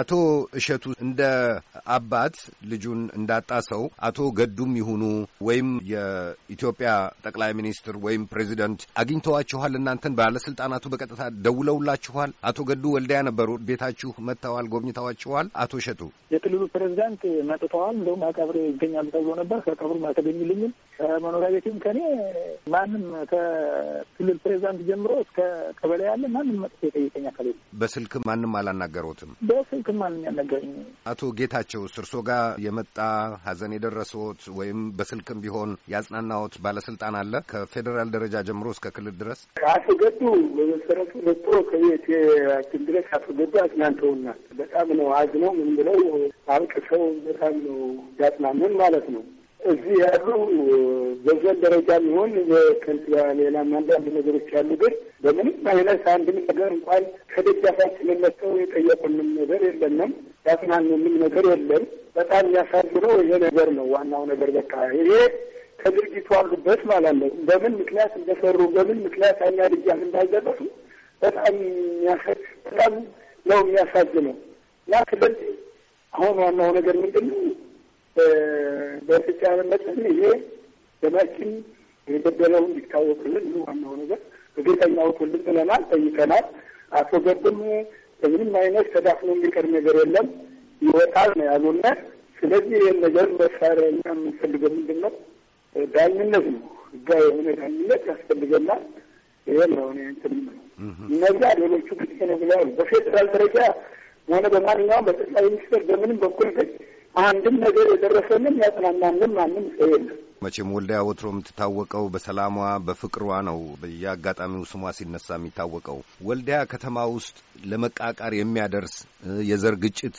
አቶ እሸቱ እንደ አባት ልጁን እንዳጣ ሰው አቶ ገዱም ይሁኑ ወይም የኢትዮጵያ ጠቅላይ ሚኒስትር ወይም ፕሬዚደንት አግኝተዋችኋል? እናንተን ባለስልጣናቱ በቀጥታ ደውለውላችኋል? አቶ ገዱ ወልዳያ ነበሩ። ቤታችሁ መጥተዋል? ጎብኝተዋችኋል? አቶ እሸቱ የክልሉ ፕሬዚዳንት መጥተዋል። እንደውም ቀብር ይገኛሉ ተብሎ ነበር። ከቀብሩም አልተገኙልኝም። ከመኖሪያ ቤትም ከኔ ማንም ከክልል ፕሬዚዳንት ጀምሮ እስከ ቀበሌ ያለ ማንም መጥቶ የጠየቀኝ አካል በስልክ ማንም አላናገረውትም። ግን ማንም ያልነገረኝ። አቶ ጌታቸውስ እርሶ ጋር የመጣ ሀዘን የደረሰዎት ወይም በስልክም ቢሆን ያጽናናዎት ባለስልጣን አለ? ከፌዴራል ደረጃ ጀምሮ እስከ ክልል ድረስ አቶ ገዱ በመሰረቱ መጥቶ ከቤታችን ድረስ አቶ ገዱ አጽናንተውናል። በጣም ነው አዝነው ምን ብለው አልቅሰው በጣም ነው ያጽናኑን ማለት ነው። እዚህ ያሉ በዘን ደረጃ የሚሆን የከንቲባ ሌላም አንዳንድ ነገሮች ያሉ፣ ግን በምንም አይነት አንድም ነገር እንኳን ከደጃፋችን መጥተው የጠየቁንም ነገር የለንም። ያጽናኑንም ነገር የለም። በጣም የሚያሳዝነው ይሄ ነገር ነው። ዋናው ነገር በቃ ይሄ ከድርጊቱ አሉበት ማለት ነው። በምን ምክንያት እንደሰሩ በምን ምክንያት አኛ ድጋፍ እንዳልደረሱ በጣም በጣም ነው የሚያሳዝነው እና ስለዚህ አሁን ዋናው ነገር ምንድን ነው በተቻለ መጠን ይሄ ደማችን የገደለው እንዲታወቅልን ይህ ዋናው ነገር በጌታኛው ሁሉም ብለናል፣ ጠይቀናል። አቶ ገድም በምንም አይነት ተዳፍኖ የሚቀር ነገር የለም ይወጣል ነው ያሉነ። ስለዚህ ይህን ነገር መሳሪያ እኛ የምንፈልገው ምንድን ነው? ዳኝነት ነው። ህጋዊ የሆነ ዳኝነት ያስፈልገናል። ይሄን ነው እኔ እንትን ነው። እነዚያ ሌሎቹ ግጭ ነው ብለዋል። በፌዴራል ደረጃ ሆነ በማንኛውም በጠቅላይ ሚኒስትር በምንም በኩል ግን አንድም ነገር የደረሰንም ያጽናናንም ማንም ሰው የለም። መቼም ወልዳ ወትሮ የምትታወቀው በሰላሟ በፍቅሯ ነው። በየአጋጣሚው ስሟ ሲነሳ የሚታወቀው ወልዳያ ከተማ ውስጥ ለመቃቃር የሚያደርስ የዘር ግጭት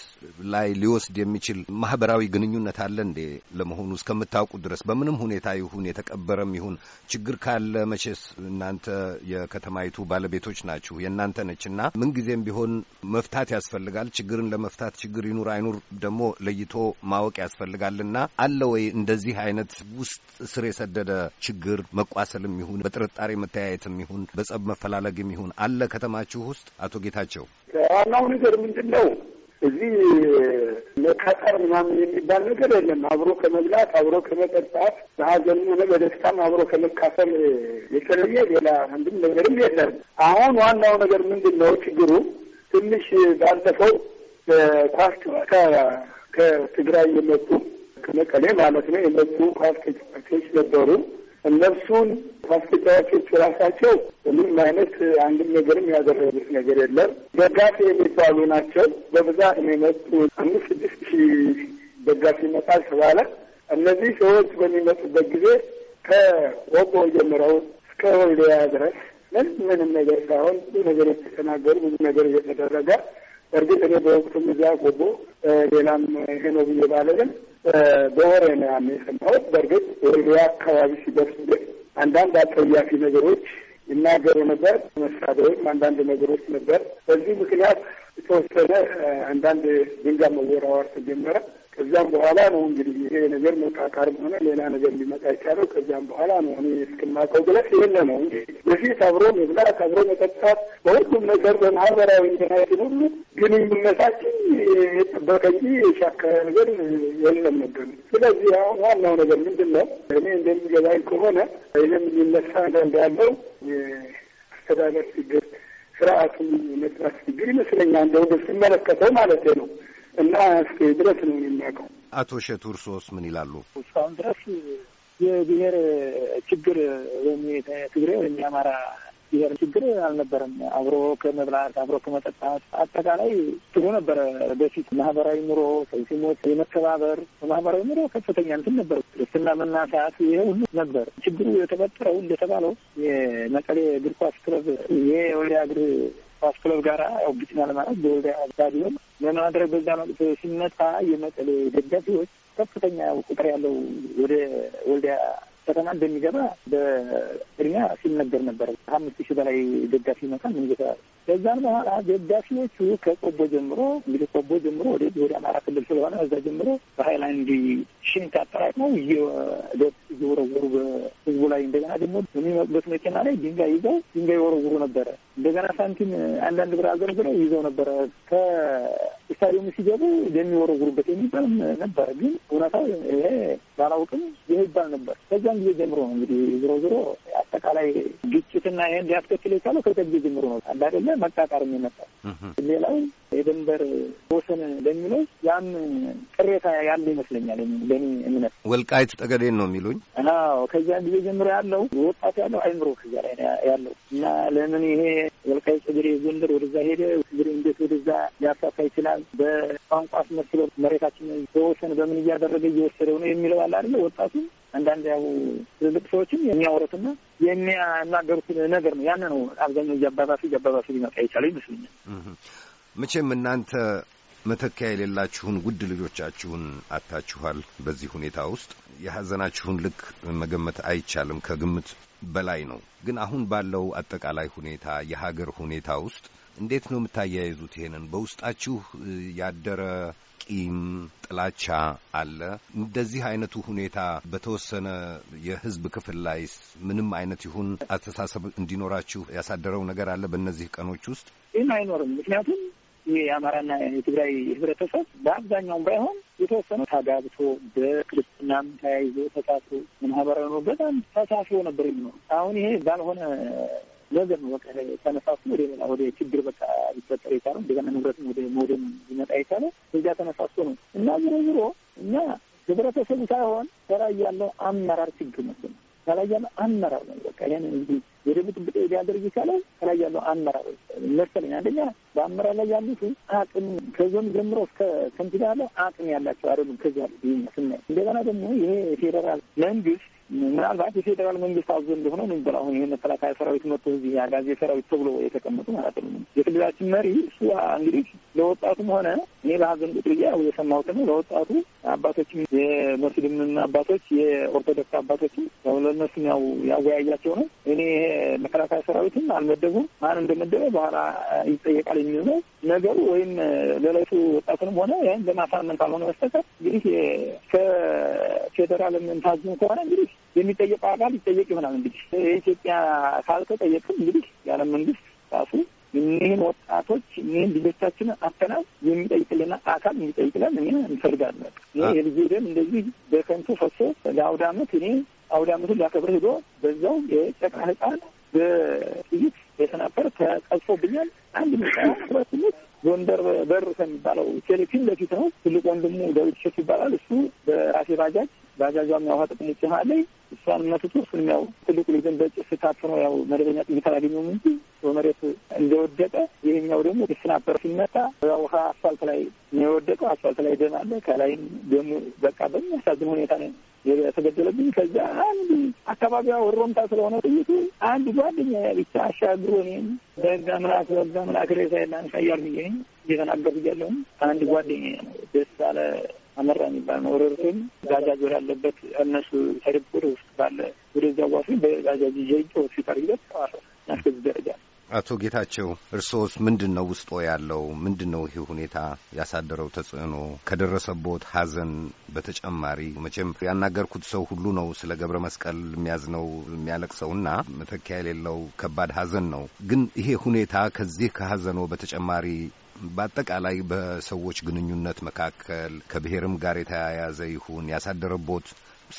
ላይ ሊወስድ የሚችል ማህበራዊ ግንኙነት አለ እንዴ? ለመሆኑ እስከምታውቁ ድረስ በምንም ሁኔታ ይሁን የተቀበረም ይሁን ችግር ካለ መቼስ እናንተ የከተማይቱ ባለቤቶች ናችሁ፣ የእናንተ ነችና ምንጊዜም ቢሆን መፍታት ያስፈልጋል። ችግርን ለመፍታት ችግር ይኑር አይኑር ደግሞ ለይቶ ማወቅ ያስፈልጋልና አለ ወይ እንደዚህ አይነት ውስጥ ስር የሰደደ ችግር መቋሰልም ይሁን በጥርጣሬ መተያየትም ይሁን በጸብ መፈላለግም ይሁን አለ ከተማችሁ ውስጥ? አቶ ጌታቸው፣ ዋናው ነገር ምንድን ነው? እዚህ መቃጠር ምናምን የሚባል ነገር የለም። አብሮ ከመብላት አብሮ ከመጠጣት፣ በሀገር ሆነ በደስታም አብሮ ከመካፈል የተለየ ሌላ አንድም ነገርም የለም። አሁን ዋናው ነገር ምንድን ነው ችግሩ? ትንሽ ባለፈው ኳስ ጨዋታ ከትግራይ የመጡ ከመቀሌ ማለት ነው የመጡ ኳስ ተጫዋቾች ነበሩ። እነርሱን ኳስ ተጫዋቾች ራሳቸው ምንም አይነት አንድም ነገርም ያደረጉት ነገር የለም። ደጋፊ የሚባሉ ናቸው በብዛት ነው የመጡ። አምስት ስድስት ሺህ ደጋፊ ይመጣል ተባለ። እነዚህ ሰዎች በሚመጡበት ጊዜ ከቆቦ ጀምረው እስከ ወልዲያ ድረስ ምን ምንም ነገር ሳይሆን ብዙ ነገር የተተናገሩ ብዙ ነገር እየተደረገ እርግጥ እኔ በወቅቱም እዚያ ጎቦ ሌላም ይሄ ነው ብዬ ባለግን በወሬ ነው ያን የሰማሁት። በእርግጥ ወደ አካባቢ ሲደርስ ግን አንዳንድ አጸያፊ ነገሮች ይናገሩ ነበር። መሳሪያዎች፣ አንዳንድ ነገሮች ነበር። በዚህ ምክንያት የተወሰነ አንዳንድ ድንጋይ መወራወር ተጀመረ። ከዚያም በኋላ ነው እንግዲህ ይሄ ነገር መቃቃርም ሆነ ሌላ ነገር ሊመጣ ይቻለው። ከዚያም በኋላ ነው እኔ እስክማቀው ብለት የለ ነው እንጂ በፊት አብሮ መብላት፣ አብሮ መጠጣት፣ በሁሉም ነገር በማህበራዊ ንትናችን ሁሉ ግንኙነታችን የጠበቀ እንጂ የሻከረ ነገር የለም ነበር። ስለዚህ አሁን ዋናው ነገር ምንድን ነው? እኔ እንደሚገባኝ ከሆነ ይህም የሚነሳ ነገር እንዳለው የአስተዳደር ችግር ስርዓቱን የመጥራት ችግር ይመስለኛል። እንደው ስመለከተው ማለት ነው እና እስከ ድረስ ነው የሚያውቀው። አቶ እሸቱ እርስዎስ ምን ይላሉ? እስካሁን ድረስ የብሔር ችግር ወይም የትግሬ ወይም የአማራ ብሔር ችግር አልነበረም። አብሮ ከመብላት አብሮ ከመጠጣት አጠቃላይ ጥሩ ነበረ። በፊት ማህበራዊ ኑሮ ሰው ሲሞት የመከባበር ማህበራዊ ኑሮ ከፍተኛ እንትን ነበር። ክርስትና መናሳት ይሄ ሁሉ ነበር። ችግሩ የተፈጠረው እንደተባለው የመቀሌ እግር ኳስ ክለብ የወልዲያ እግር ኳስ ክለብ ጋር ያው ግጥሚያ ለማለት በወልዲያ ስታዲየም ለማድረግ በዛ ወቅት ሲመጣ የመቀሌ ደጋፊዎች ከፍተኛ ቁጥር ያለው ወደ ወልዲያ ከተማ እንደሚገባ በቅድሚያ ሲነገር ነበረ። ከአምስት ሺህ በላይ ደጋፊ ይመጣል። ምን ከዛን በኋላ ደጋፊዎቹ ከቆቦ ጀምሮ እንግዲህ ቆቦ ጀምሮ ወደ ወደ አማራ ክልል ስለሆነ እዛ ጀምሮ በሀይላንድ ሽንት አጠራቅመው እየወረወሩ በህዝቡ ላይ እንደገና ደግሞ በሚመጡበት መኪና ላይ ድንጋይ ይዘው ድንጋይ ወረውሩ ነበረ። እንደገና ሳንቲም አንዳንድ ብር አዘንብለው ይዘው ነበረ። ከስታዲየሙ ሲገቡ የሚወረውሩበት የሚባልም ነበረ። ግን እውነታው ይሄ ባላውቅም ይህ ይባል ነበር። ከዚያን ጊዜ ጀምሮ ነው እንግዲህ ዞሮ ዞሮ አጠቃላይ ግጭትና ይህን ሊያስከትል የቻለው ከተግ ጀምሮ ነው። አለ አይደለ መቃቃር የሚመጣው ሌላው የድንበር ወሰን ለሚለው ያም ቅሬታ ያለ ይመስለኛል። ለኔ እምነት ወልቃይት ጠገዴን ነው የሚሉኝ። አዎ ከዚያን ጊዜ ጀምሮ ያለው ወጣት ያለው አይምሮ ከዚያ ላይ ያለው እና ለምን ይሄ ወልቃይት ጠገዴ ጎንደር ወደዛ ሄደ፣ ትግሬ እንዴት ወደዛ ሊያሳካ ይችላል፣ በቋንቋ አስመስሎ መሬታችን በወሰን በምን እያደረገ እየወሰደው ነው የሚለው አለ አይደለ ወጣቱ አንዳንድ ያው ትልልቅ ሰዎችም የሚያወሩትና የሚናገሩት ነገር ነው። ያን ነው አብዛኛው እያባባሱ እያባባሱ ሊመጣ የቻለው ይመስለኛል። መቼም እናንተ መተኪያ የሌላችሁን ውድ ልጆቻችሁን አታችኋል። በዚህ ሁኔታ ውስጥ የሐዘናችሁን ልክ መገመት አይቻልም፣ ከግምት በላይ ነው። ግን አሁን ባለው አጠቃላይ ሁኔታ የሀገር ሁኔታ ውስጥ እንዴት ነው የምታያይዙት? ይሄንን በውስጣችሁ ያደረ ቂም፣ ጥላቻ አለ? እንደዚህ አይነቱ ሁኔታ በተወሰነ የህዝብ ክፍል ላይ ምንም አይነት ይሁን አስተሳሰብ እንዲኖራችሁ ያሳደረው ነገር አለ? በእነዚህ ቀኖች ውስጥ ይህም አይኖርም። ምክንያቱም የአማራና የትግራይ ህብረተሰብ በአብዛኛውም ባይሆን የተወሰነ ታጋብቶ በክርስትናም ተያይዞ ተሳስሮ ማህበራዊ በጣም ተሳስሮ ነበር የሚኖሩ። አሁን ይሄ ባልሆነ ስለዚህ ነው። በቃ ተነሳሱ ወደ ሌላ ወደ ችግር በቃ ሊፈጠር የቻለ እንደገና ንብረትን ወደ መውደም ሊመጣ የቻለ እዚያ ተነሳሱ ነው እና ዝሮ ዝሮ እኛ ህብረተሰቡ ሳይሆን ከላይ ያለው አመራር ችግር መስል ከላይ ያለው አመራር ነው። በቃ ይህን እንዲህ ወደ ብጥብጥ ሊያደርግ የቻለው ከላይ ያለው አመራር መሰለኝ። አንደኛ በአመራር ላይ ያሉት አቅም ከዞን ጀምሮ እስከ ከንቲባ ያለው አቅም ያላቸው አይደሉም። ከዚያ ስና እንደገና ደግሞ ይሄ ፌዴራል መንግስት ምናልባት የፌዴራል መንግስት አዞ እንደሆነ ነው የሚባለው። አሁን ይሄ መከላከያ ሰራዊት መጥቶ እዚህ አጋዜ ሰራዊት ተብሎ የተቀመጡ ማለት ነው። የክልላችን መሪ እሱ እንግዲህ ለወጣቱም ሆነ እኔ በሀዘን ቁጥር ያው የሰማሁት ነው። ለወጣቱ አባቶችም የሙስሊም አባቶች የኦርቶዶክስ አባቶችም ያው ለእነሱም ያው ያወያያቸው ነው። እኔ ይሄ የመከላከያ ሰራዊትም አልመደቡም። ማን እንደመደበ በኋላ ይጠየቃል የሚሆነው ነገሩ። ወይም ለለቱ ወጣቱንም ሆነ ይህም ለማሳመን ካልሆነ በስተቀር እንግዲህ ከፌዴራል የምንታዝም ከሆነ እንግዲህ የሚጠየቀው አካል ይጠየቅ ይሆናል። እንግዲህ የኢትዮጵያ ካልተጠየቅም እንግዲህ የዓለም መንግስት ራሱ እኒህን ወጣቶች እኒህን ልጆቻችንን አተናል የሚጠይቅልና አካል የሚጠይቅለን እኔ እንፈልጋለን። ይህ የልጅ ደም እንደዚህ በከንቱ ፈሶ ለአውድ ዓመት እኔ አውደ ዓመቱን ሊያከብር ሄዶ በዛው የጨቅላ ህፃን በጥይት የተናፈረ ተቀጽፎብኛል። አንድ ምሳት ጎንደር በር ከሚባለው ቴሌ ፊት ለፊት ነው። ትልቅ ወንድሙ ዳዊት ሸት ይባላል። እሱ በራሴ ባጃጅ ባጃጇ የሚያውሃ ጥቅም ውጭ እሷን መትቶ እሱንም ያው ትልቁ ልጅን በጭስ ስታፍ ያው መደበኛ ጥይት አላገኘውም እንጂ በመሬት እንደወደቀ፣ ይሄኛው ደግሞ ስናፐር ሲመታ ውሃ አስፋልት ላይ ነው የወደቀው። አስፋልት ላይ ደም አለ፣ ከላይም ደሙ በቃ በሚያሳዝን ሁኔታ ነው የተገደለብኝ ከዚያ አንድ አካባቢዋ ወሮምታ ስለሆነ ጥይቱ አንድ ጓደኛ ብቻ አሻግሮ እኔም በህጋ ምናክ በህጋ ምናክ ሬሳ የላን ሳያር እያልኩ እየተናገርኩ እያለሁም አንድ ጓደኛ ደስ አለ አመራ የሚባል ወረርቱን ወረርቶኝ ባጃጅ ወዳለበት እነሱ ተድብር ውስጥ ባለ ወደዚያ ዋሱ በባጃጅ ጀይጦ ሆስፒታል ይበት አረ ደረጃ ነው አቶ ጌታቸው እርስዎስ ምንድን ነው ውስጦ ያለው? ምንድን ነው ይህ ሁኔታ ያሳደረው ተጽዕኖ? ከደረሰቦት ሀዘን በተጨማሪ መቼም ያናገርኩት ሰው ሁሉ ነው ስለ ገብረ መስቀል የሚያዝነው የሚያለቅሰውና መተኪያ የሌለው ከባድ ሀዘን ነው። ግን ይሄ ሁኔታ ከዚህ ከሀዘኖ በተጨማሪ በአጠቃላይ በሰዎች ግንኙነት መካከል ከብሔርም ጋር የተያያዘ ይሁን ያሳደረቦት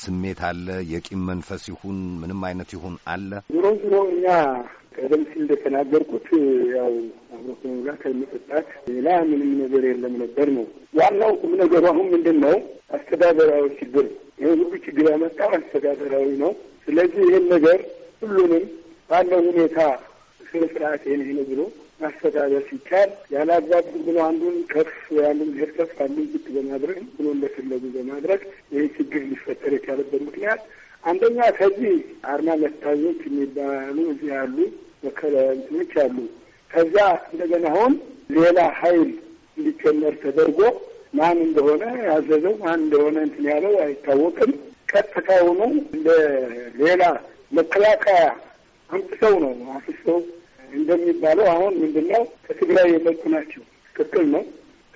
ስሜት አለ? የቂም መንፈስ ይሁን ምንም አይነት ይሁን አለ? ዞሮ ዞሮ እኛ ቀደም ሲል እንደተናገርኩት ያው አብሮ ከመብላት ከሚጠጣት ሌላ ምንም ነገር የለም ነበር ነው ዋናው ቁም ነገሩ። አሁን ምንድን ነው አስተዳደራዊ ችግር፣ ይህ ሁሉ ችግር ያመጣው አስተዳደራዊ ነው። ስለዚህ ይህን ነገር ሁሉንም ባለው ሁኔታ ስነ ስርዓት ይህ ነው ብሎ ማስተዳደር ሲቻል ያለ አግባብ ብሎ አንዱን ከፍ አንዱን ብሄር ከፍ አንዱን ዝቅ በማድረግ ብሎ እንደፈለጉ በማድረግ ይህ ችግር ሊፈጠር የቻለበት ምክንያት አንደኛ ከዚህ አርማ መታኞች የሚባሉ እዚህ ያሉ መከላንትኖች አሉ። ከዛ እንደገና አሁን ሌላ ሀይል እንዲጨመር ተደርጎ ማን እንደሆነ ያዘዘው ማን እንደሆነ እንትን ያለው አይታወቅም። ቀጥታ ቀጥታውኑ ሌላ መከላከያ አምጥተው ነው አፍሰው እንደሚባለው አሁን ምንድን ነው ከትግራይ የመጡ ናቸው። ትክክል ነው።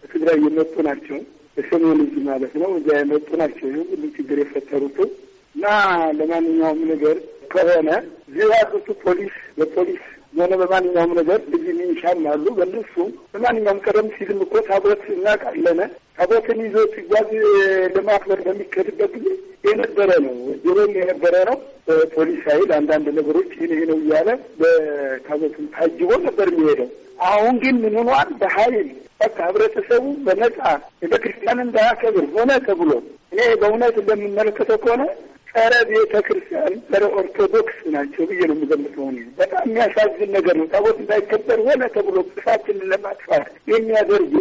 ከትግራይ የመጡ ናቸው። በሰሜን ልጅ ማለት ነው። እዚያ የመጡ ናቸው። ይህ ሁሉ ችግር የፈጠሩትም እና ለማንኛውም ነገር ከሆነ ዜራቶቹ ፖሊስ በፖሊስ የሆነ በማንኛውም ነገር ልጅ ሚኒሻም አሉ። በእነሱ በማንኛውም ቀደም ሲልም እኮ ታቦት እናቃለነ ታቦትን ይዞ ትጓዝ ለማክበር በሚከድበት ጊዜ የነበረ ነው፣ ድሮም የነበረ ነው። በፖሊስ ኃይል አንዳንድ ነገሮች ይህን ይህ ነው እያለ በታቦትን ታጅቦ ነበር የሚሄደው። አሁን ግን ምን ሆኗል? በኃይል በቃ ህብረተሰቡ በነጻ ቤተ እንዳያከብር ሆነ ተብሎ እኔ በእውነት እንደምመለከተው ከሆነ ጸረ ቤተ ክርስቲያን ጸረ ኦርቶዶክስ ናቸው ብዬ ነው የምገምተው። በጣም የሚያሳዝን ነገር ነው። ታቦት እንዳይከበር ሆነ ተብሎ ጥፋችንን ለማጥፋት የሚያደርጉ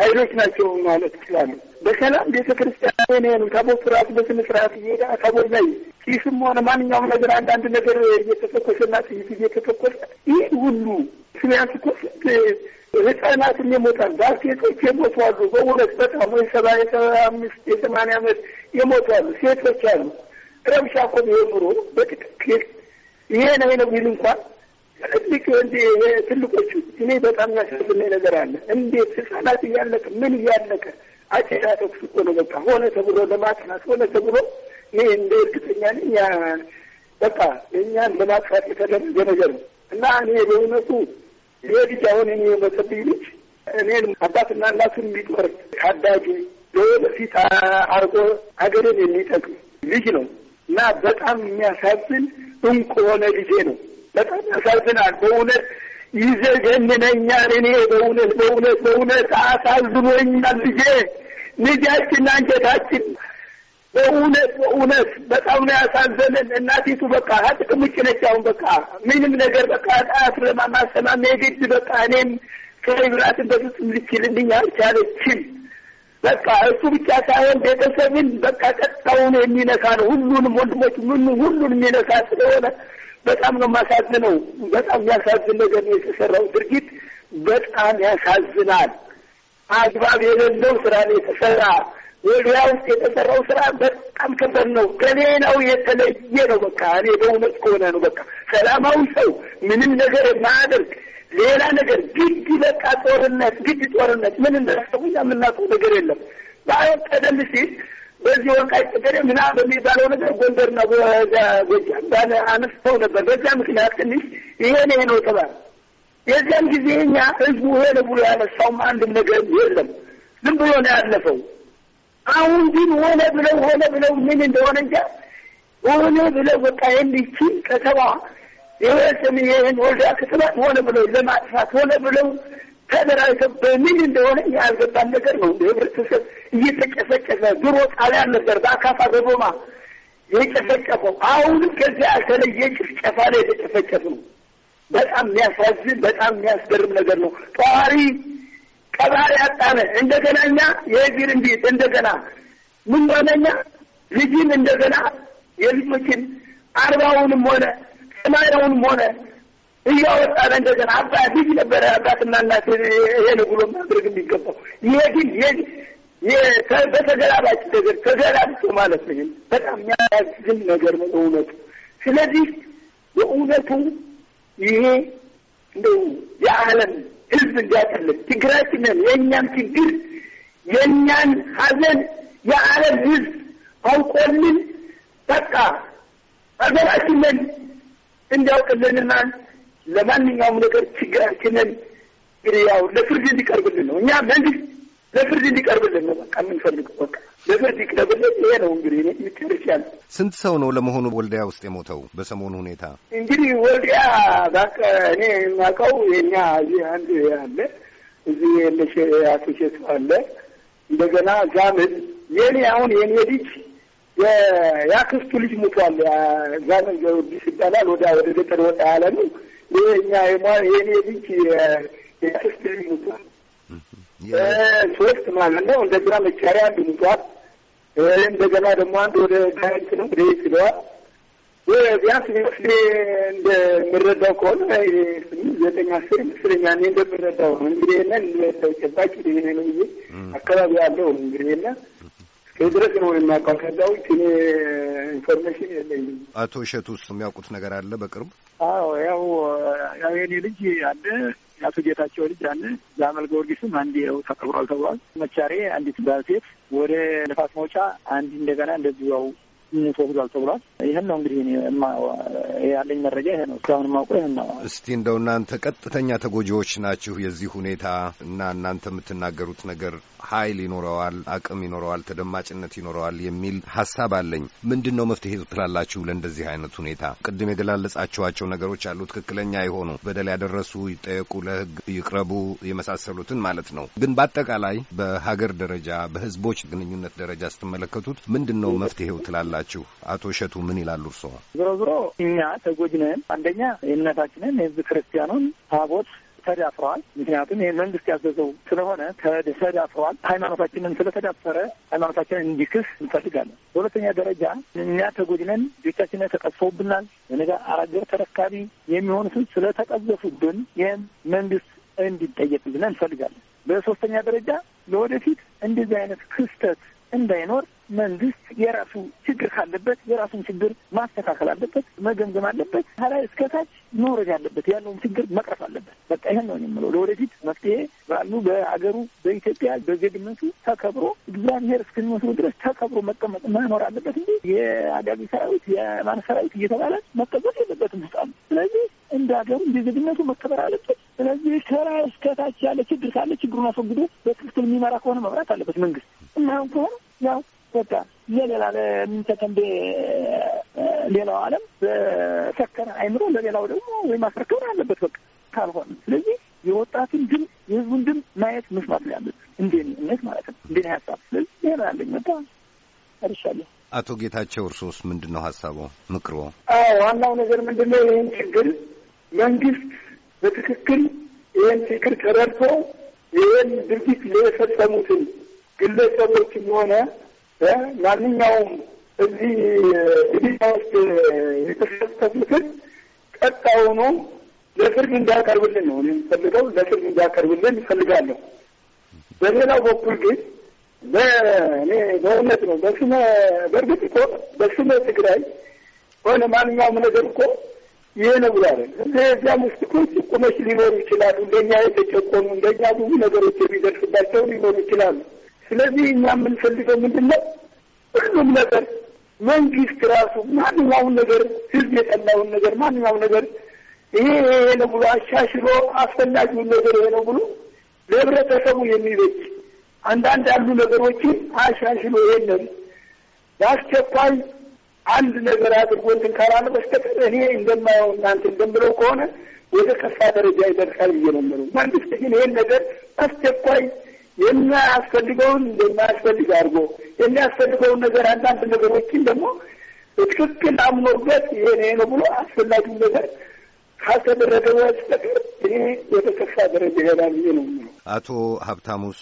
ኃይሎች ናቸው ማለት ይችላሉ። በሰላም ቤተ ክርስቲያን ነው ታቦት ስርዓት በስነ ስርዓት እየሄደ ታቦት ላይ ኪስም ሆነ ማንኛውም ነገር አንዳንድ ነገር እየተተኮሰና ጥይት እየተተኮሰ ይህ ሁሉ ስቢያንስ እኮ ህጻናትን የሞታል ባልቴቶች የሞቱ አሉ። በእውነት በጣም ወይ ሰባ የሰባ አምስት የሰማንያ አመት የሞቱ አሉ ሴቶች አሉ ረብሻ እኮ ቢሆን ኑሮ በትክክል ይሄ ነው ነው ቢል እንኳን ትልቅ ትልቆቹ እኔ በጣም ያሳዝነኝ ነገር አለ። እንዴት ህጻናት እያለቀ ምን እያለቀ አጭዳ ተኩስ እኮ ነው በቃ ሆነ ተብሎ ለማጥናት ሆነ ተብሎ ይህ እንደ እርግጠኛ እኛ በቃ እኛን ለማጥፋት የተደረገ ነገር ነው እና እኔ በእውነቱ ይሄ ልጅ አሁን እኔ የመሰብኝ ልጅ እኔን አባትና እናቱን የሚጦር ታዳጊ ለወደፊት አርጎ ሀገርን የሚጠቅም ልጅ ነው። እና በጣም የሚያሳዝን እንቁ ሆነ ጊዜ ነው። በጣም ያሳዝናል በእውነት ይዘገንነኛል። እኔ በእውነት በእውነት በእውነት አሳዝኖኛል። ልጄ ልጃችን አንጀታችን በእውነት በእውነት በጣም ነው ያሳዘንን። እናቲቱ በቃ ጥቅም ውጭ ነች። አሁን በቃ ምንም ነገር በቃ ጣት ለማማሰማም የግድ በቃ እኔም ከብራትን በፍጹም ልችልልኝ አልቻለችም። በቃ እሱ ብቻ ሳይሆን ቤተሰብን በቃ ቀጥታውን የሚነካ ነው። ሁሉንም ወንድሞች ምኑ ሁሉን የሚነካ ስለሆነ በጣም ነው የማሳዝነው። በጣም የሚያሳዝን ነገር ነው የተሰራው ድርጊት በጣም ያሳዝናል። አግባብ የሌለው ስራ ነው የተሰራ። ወዲያ ውስጥ የተሰራው ስራ በጣም ከባድ ነው። ከሌላው የተለየ ነው። በቃ እኔ በእውነት ከሆነ ነው በቃ ሰላማዊ ሰው ምንም ነገር የማያደርግ ሌላ ነገር ግድ በቃ ጦርነት ግድ ጦርነት ምን እንደሰው የምናውቀው ነገር የለም። በአሁን ቀደም ሲል በዚህ ወንቃይ ጠገዴ ምናምን በሚባለው ነገር ጎንደርና ጎጃም ባለ አነስተው ነበር። በዚያ ምክንያት ትንሽ ይሄ ነው ይሄ ነው ተባለ። የዚያን ጊዜ እኛ ህዝቡ ይሄ ብሎ ያነሳውም አንድም ነገር የለም። ዝም ብሎ ነው ያለፈው። አሁን ግን ሆነ ብለው ሆነ ብለው ምን እንደሆነ እንጃ ሆነ ብለው በቃ የሚችል ከተማ የወለሰም ይህን ወልዳ ከተማ ሆነ ብለው ለማጥፋት ሆነ ብለው ተደራጅተው በምን እንደሆነ ያልገባን ነገር ነው። ህብረተሰብ እየተጨፈጨፈ ድሮ ጣሊያን ነበር በአካፋ በቦማ የጨፈጨፈው። አሁንም ከዚያ ያልተለየ ጭፍጨፋ ላይ የተጨፈጨፍ ነው። በጣም የሚያሳዝን በጣም የሚያስገርም ነገር ነው። ጠዋሪ ቀባሪ አጣነ። እንደገና እኛ የእግር እንዴት እንደገና ምን ሆነኛ ልጅን እንደገና የልጆችን አርባውንም ሆነ ማየውንም ሆነ እያወጣ እንደገና አባ ልጅ ነበረ አባትና እናት ይሄ ነው ብሎ ማድረግ የሚገባው ይሄ ግን ይሄ በተገላባጭ ነገር ተገላብጦ ማለት ነው። በጣም የሚያዝን ነገር ነው እውነቱ። ስለዚህ በእውነቱ ይሄ እንደው የዓለም ህዝብ እንዲያቀለት ችግራችንን፣ የእኛም ችግር የእኛን ሀዘን የዓለም ህዝብ አውቆልን በቃ ሀገራችንን እንዲያውቅልንናል ለማንኛውም ነገር ችግራችንን እንግዲህ ያው ለፍርድ እንዲቀርብልን ነው። እኛ መንግስት ለፍርድ እንዲቀርብልን ነው በቃ የምንፈልግ በቃ ለፍርድ ይቅረብልን። ይሄ ነው እንግዲህ ምትርች ያለ። ስንት ሰው ነው ለመሆኑ ወልዲያ ውስጥ የሞተው በሰሞኑ ሁኔታ? እንግዲህ ወልዲያ በቃ እኔ የማውቀው የኛ እዚህ አንድ አለ፣ እዚህ የለሸ አቶ ሸቱ አለ፣ እንደገና ዛምን የኔ አሁን የኔ ልጅ የአክስቱ ልጅ ሙቷል። ዛመን ዘውዲስ ይባላል። ወደ ወደ ገጠር ወጣ ያለ ነው። ይሄኛ የኔ ልጅ የአክስቱ ልጅ ሙቷል። ሶስት ማለት ነው። እንደገና መቻሪያ አንድ ሙቷል። እንደገና ደግሞ አንድ ወደ ጋይንት ነው ወደ ይስለዋል። ቢያንስ ቢያንስ እንደ ምረዳው ከሆነ ዘጠኝ አስር ይመስለኛል። እኔ እንደምረዳው ነው እንግዲህ ና ተጨባጭ ነው አካባቢ ያለው እንግዲህ ና ከድረስ ነው የማውቀው። ከዛ ውጭ እኔ ኢንፎርሜሽን የለኝም። አቶ እሸቱ ውስጥ የሚያውቁት ነገር አለ በቅርብ? አዎ ያው ያው የኔ ልጅ አለ የአቶ ጌታቸው ልጅ አለ ዛመል ጊዮርጊስም አንድ ው ተቀብሯል ተብሏል። መቻሬ አንዲት ባልሴት ወደ ንፋስ መውጫ አንድ እንደገና እንደዚያው ሙቶ ሆኗል ተብሏል። ይህን ነው እንግዲህ ያለኝ መረጃ ይሄ ነው። እስካሁን የማውቀው ይህን ነው። እስቲ እንደው እናንተ ቀጥተኛ ተጎጂዎች ናችሁ የዚህ ሁኔታ እና እናንተ የምትናገሩት ነገር ኃይል ይኖረዋል፣ አቅም ይኖረዋል፣ ተደማጭነት ይኖረዋል የሚል ሀሳብ አለኝ። ምንድን ነው መፍትሄ ትላላችሁ ለእንደዚህ አይነት ሁኔታ? ቅድም የገላለጻችኋቸው ነገሮች አሉ፣ ትክክለኛ የሆኑ በደል ያደረሱ ይጠየቁ፣ ለህግ ይቅረቡ፣ የመሳሰሉትን ማለት ነው። ግን በአጠቃላይ በሀገር ደረጃ በህዝቦች ግንኙነት ደረጃ ስትመለከቱት ምንድን ነው መፍትሄው ትላላችሁ? አቶ እሸቱ ምን ይላሉ እርስዎ? ዞሮ ዞሮ እኛ ተጎጂ ነን። አንደኛ የእምነታችንን የህዝብ ክርስቲያኑን ታቦት ተዳፍረዋል። ምክንያቱም ይህ መንግስት ያዘዘው ስለሆነ ተዳፍረዋል። ሃይማኖታችንን ስለተዳፈረ ሃይማኖታችንን እንዲክስ እንፈልጋለን። በሁለተኛ ደረጃ እኛ ተጎድነን ቤታችን ተቀዝፈውብናል። በነገ አራገር ተረካቢ የሚሆኑት ስለተቀዘፉብን ይህም መንግስት እንዲጠየቅልን እንፈልጋለን። በሶስተኛ ደረጃ ለወደፊት እንደዚህ አይነት ክስተት እንዳይኖር መንግስት የራሱ ችግር ካለበት የራሱን ችግር ማስተካከል አለበት፣ መገምገም አለበት። ከላይ እስከታች መውረድ አለበት፣ ያለውን ችግር መቅረፍ አለበት። በቃ ይህን ነው የምለው። ለወደፊት መፍትሄ ባሉ በአገሩ በኢትዮጵያ በዜግነቱ ተከብሮ እግዚአብሔር እስክንመስሉ ድረስ ተከብሮ መቀመጥ መኖር አለበት እንጂ የአዳጊ ሰራዊት የማን ሰራዊት እየተባለ መቀመጥ የለበትም ህጻኑ። ስለዚህ እንደ ሀገሩ እንደ ዜግነቱ መከበር አለበት። ስለዚህ ከላይ እስከታች ያለ ችግር ካለ ችግሩን አስወግዶ በትክክል የሚመራ ከሆነ መምራት አለበት መንግስት። እናም ከሆነ ነው። በቃ ለሌላ ለሚንተተንቤ ሌላው አለም በሰከረ አይምሮ ለሌላው ደግሞ ወይ ማስረከብ አለበት በቃ ካልሆነ ስለዚህ የወጣትን ድም የህዝቡን ድም ማየት መስማት ነው ያለት እንደ እምነት ማለት ነው እንደ ሀሳብ። ስለዚህ ይሄ ያለኝ መጣ እርሻለሁ። አቶ ጌታቸው እርሶስ ምንድን ነው ሀሳቡ ምክሮ? ዋናው ነገር ምንድን ነው ይህን ችግር መንግስት በትክክል ይህን ችግር ተረድቶ ይህን ድርጊት የፈጸሙትን ግለሰቦችም ሆነ ማንኛውም እዚህ ግድያ ውስጥ የተሳተፉትን ቀጣውኑ ለፍርድ እንዲያቀርብልን ነው የሚፈልገው። ለፍርድ እንዲያቀርብልን ይፈልጋለሁ። በሌላው በኩል ግን በእኔ በእውነት ነው በስመ በእርግጥ እኮ በስመ ትግራይ ሆነ ማንኛውም ነገር እኮ ይሄ ነው ብሎ አይደል። እዚያም ውስጥ እኮ ጭቁኖች ሊኖሩ ይችላሉ። እንደኛ የተጨቆኑ እንደኛ ብዙ ነገሮች የሚደርስባቸው ሊኖሩ ይችላሉ። ስለዚህ እኛ የምንፈልገው ምንድን ነው? ሁሉም ነገር መንግስት ራሱ ማንኛውም ነገር ህዝብ የጠላውን ነገር ማንኛውም ነገር ይሄ ይሄ ነው ብሎ አሻሽሎ አስፈላጊውን ነገር ይሄ ነው ብሎ ለህብረተሰቡ የሚበጅ አንዳንድ ያሉ ነገሮችን አሻሽሎ የለም በአስቸኳይ አንድ ነገር አድርጎልን ካላለ በስተቀር እኔ እንደማየው እናንተ እንደምለው ከሆነ ወደ ከፋ ደረጃ ይደርሳል ብዬ ነው የምለው። መንግስት ግን ይሄን ነገር አስቸኳይ የሚያስፈልገውን የማያስፈልግ አድርጎ የሚያስፈልገውን ነገር አንዳንድ ነገሮችን ደግሞ ትክክል አምኖበት ይሄ ነው ብሎ አስፈላጊ ነገር ካልተደረገ በስተቀር ይሄ ወደ ከፋ ደረጃ ይሄዳል ብዬ ነው አቶ ሀብታሙስ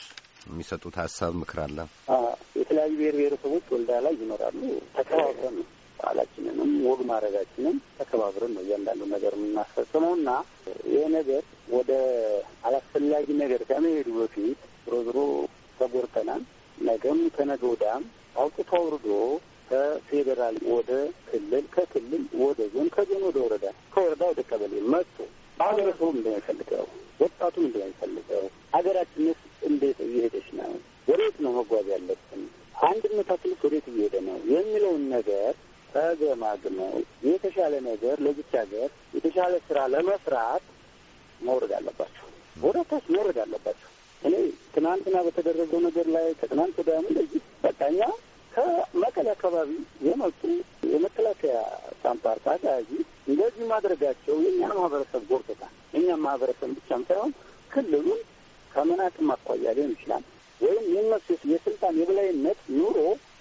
የሚሰጡት ሀሳብ ምክር አለ። የተለያዩ ብሔር ብሔረሰቦች ወልዳ ላይ ይኖራሉ። ተከባብረን ነው ባህላችንንም ወግ ማድረጋችንን ተከባብረን ነው እያንዳንዱ ነገር የምናስፈጽመው እና ይሄ ነገር ወደ አላስፈላጊ ነገር ከመሄዱ በፊት ነገም ከነገ ወዲያም አውጥቶ አውርዶ ከፌዴራል ወደ ክልል፣ ከክልል ወደ ዞን፣ ከዞን ወደ ወረዳ፣ ከወረዳ ወደ ቀበሌ መጥቶ ማህበረሰቡ እንደሚፈልገው ወጣቱ እንደሚፈልገው ሀገራችንስ እንዴት እየሄደች ነው? ወዴት ነው መጓዝ ያለብን? አንድነታችንስ ወዴት እየሄደ ነው የሚለውን ነገር ተገማግመው የተሻለ ነገር ለዚች ሀገር የተሻለ ስራ ለመስራት መውረድ አለባቸው። ወደ ታች መውረድ አለባቸው። እኔ ትናንትና በተደረገው ነገር ላይ ከትናንት ወዲያም እንደዚህ በቃ እኛ ከመቀሌ አካባቢ የመጡ የመከላከያ ካምፓር ታጋያዚ እንደዚህ ማድረጋቸው የእኛ ማህበረሰብ ጎርቶታል። የእኛም ማህበረሰብ ብቻም ሳይሆን ክልሉን ከመናቅም አኳያ ሊሆን ይችላል ወይም የነሱ የስልጣን የበላይነት ኑሮ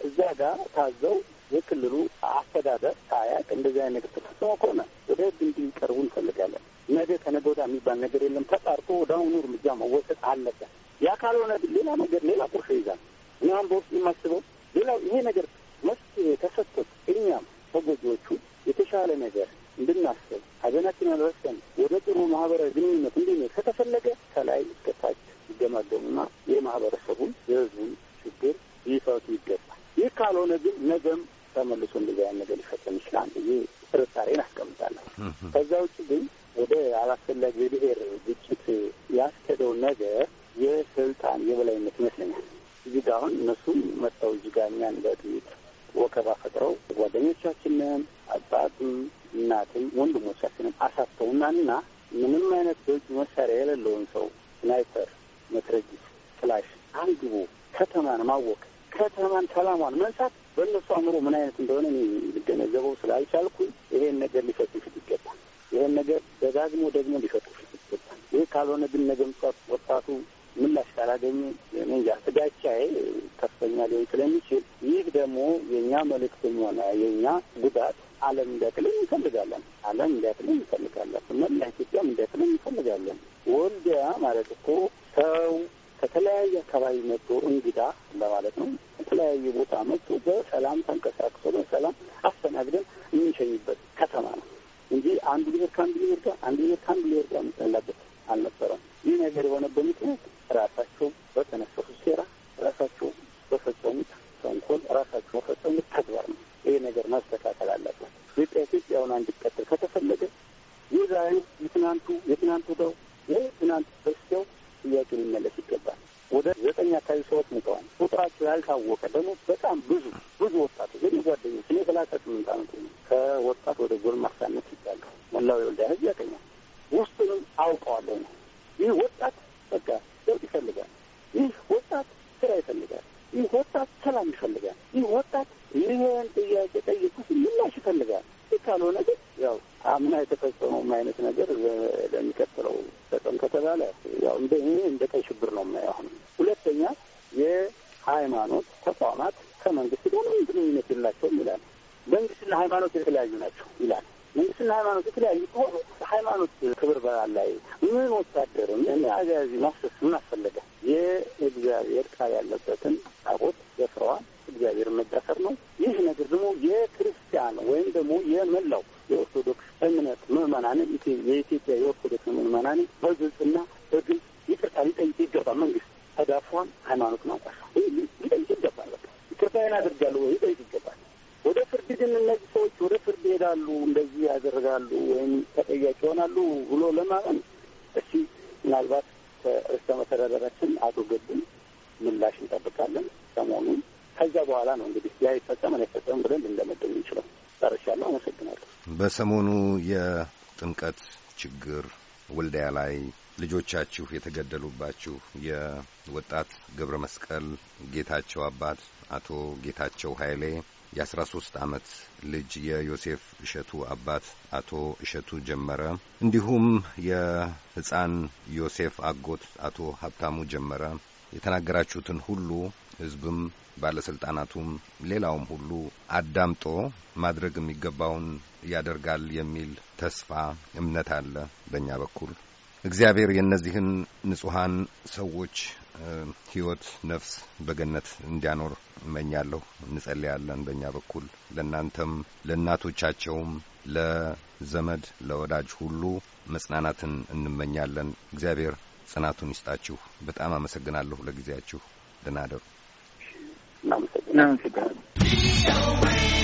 እዛ ጋር ታዘው የክልሉ አስተዳደር ሳያቅ እንደዚህ አይነት ተፈጽሞ ከሆነ ወደ ህግ እንዲቀርቡ እንፈልጋለን። ነገ ከነገ ወዲያ የሚባል ነገር የለም። ተጣርቶ ወደ አሁኑ እርምጃ መወሰድ አለበት። ያ ካልሆነ ሌላ ነገር ሌላ ቁርሾ ይዛል። እኛም አሁን በውስጥ የማስበው ሌላው ይሄ ነገር መፍትሄ ተሰጥቶት እኛም ተጎጂዎቹ የተሻለ ነገር እንድናስብ ሀዘናችን ያልረሰን ወደ ጥሩ ማህበራዊ ግንኙነት እንዲኖር ከተፈለገ ከላይ እስከታች ይገማገሙና የማህበረሰቡን የህዝቡን ችግር ይፈቱ ይገባል። ይህ ካልሆነ ግን ነገም ተመልሶ እንደዚያ ነገር ሊፈጠን ይችላል። ይህ ጥርጣሬን አስቀምጣለሁ። ከዛ ውጭ ግን ወደ አላስፈላጊ የብሔር ግጭት ያስኬደው ነገር የስልጣን የበላይነት ይመስለኛል። እዚህ ጋ አሁን እነሱም መጥተው እዚህ ጋ እኛን በጥይት ወከባ ፈጥረው ጓደኞቻችንን፣ አባትም፣ እናትም ወንድሞቻችንም አሳተውናና ምንም አይነት በእጁ መሳሪያ የሌለውን ሰው ስናይፐር፣ መትረጊስ፣ ፍላሽ አንግቦ ከተማን ማወቅ ከተማን ሰላሟን መንሳት በእነሱ አእምሮ ምን አይነት እንደሆነ እኔ ልገነዘበው ስላልቻልኩ ይሄን ነገር ሊፈት ይገባል። ይህን ነገር ደጋግሞ ደግሞ ሊፈጥሩ ይገባል። ይህ ካልሆነ ግን ነገም ወጣቱ ምላሽ ካላገኘ እንጃ ስጋቻዬ ከፍተኛ ሊሆን ስለሚችል ይህ ደግሞ የእኛ መልእክትም ሆነ የእኛ ጉዳት ዓለም እንዲያክልን እንፈልጋለን። ዓለም እንዲያክልን እንፈልጋለን። መላ ኢትዮጵያም እንዲያክልን እንፈልጋለን። ወልዲያ ማለት እኮ ሰው ከተለያየ አካባቢ መጥቶ እንግዳ ለማለት ነው። ከተለያየ ቦታ መጥቶ በሰላም ተንቀሳቅሶ በሰላም አስተናግደን የምንሸኝበት ከተማ ነው። እንጂ አንድ ብሔር ከአንድ ብሔር ጋር አንድ ብሔር ከአንድ ብሔር ጋር መጠላበት አልነበረም። ይህ ነገር የሆነበት ምክንያት ራሳቸው በተነሰሱ ሴራ፣ ራሳቸው በፈጸሙት ተንኮል፣ ራሳቸው በፈጸሙት ተግባር ነው። ይህ ነገር ማስተካከል አለበት። ኢትዮጵያ ኢትዮጵያውን እንዲቀጥል ከተፈለገ ይህ ዛሬ የትናንቱ የትናንቱ ደው ይህ ትናንት በስቲያው ጥያቄ ሊመለስ ይገባል። ወደ ዘጠኝ አካባቢ ሰዎች ሙተዋል። ቁጥራቸው ያልታወቀ ደግሞ በጣም ብዙ ብዙ ወጣቶች እኔ ጓደኞች እኔ ሰላሳ ስምንት አመት ከወጣት ወደ ጎልማሳነት ይባሉ መላው የወልዲያ ህዝብ ያገኛል። ውስጡንም አውቀዋለሁ ነው ይህ ወጣት ምዕመናንን የኢትዮጵያ የኦርቶዶክስ ምዕመናንን በግልጽና በግልጽ ይቅርታ ሊጠይቅ ይገባል። መንግስት ተዳፏን ሃይማኖት ማውጣት ሊጠይቅ ይገባል። በቃ ይቅርታዬን አደርጋለሁ ወይ ሊጠይቅ ይገባል። ወደ ፍርድ ግን እነዚህ ሰዎች ወደ ፍርድ ይሄዳሉ፣ እንደዚህ ያደርጋሉ ወይም ተጠያቂ ይሆናሉ ብሎ ለማመን እሺ፣ ምናልባት ከርዕሰ መስተዳድራችን አቶ ገዱም ምላሽ እንጠብቃለን ሰሞኑን። ከዛ በኋላ ነው እንግዲህ ያ ይፈጸም አይፈጸም ብለን ልንደመደም እንችለው። ጨርሻለሁ። አመሰግናለሁ። በሰሞኑ የ ጥምቀት ችግር፣ ወልዲያ ላይ ልጆቻችሁ የተገደሉባችሁ የወጣት ገብረ መስቀል ጌታቸው አባት አቶ ጌታቸው ኃይሌ የአስራ ሶስት ዓመት ልጅ የዮሴፍ እሸቱ አባት አቶ እሸቱ ጀመረ እንዲሁም የሕፃን ዮሴፍ አጎት አቶ ሀብታሙ ጀመረ የተናገራችሁትን ሁሉ ሕዝብም ባለሥልጣናቱም ሌላውም ሁሉ አዳምጦ ማድረግ የሚገባውን ያደርጋል የሚል ተስፋ እምነት አለ በእኛ በኩል። እግዚአብሔር የእነዚህን ንጹሐን ሰዎች ሕይወት ነፍስ በገነት እንዲያኖር እመኛለሁ። እንጸልያለን በእኛ በኩል ለእናንተም፣ ለእናቶቻቸውም፣ ለዘመድ ለወዳጅ ሁሉ መጽናናትን እንመኛለን። እግዚአብሔር ጽናቱን ይስጣችሁ። በጣም አመሰግናለሁ ለጊዜያችሁ። ደህና እደሩ። 没事，没事的。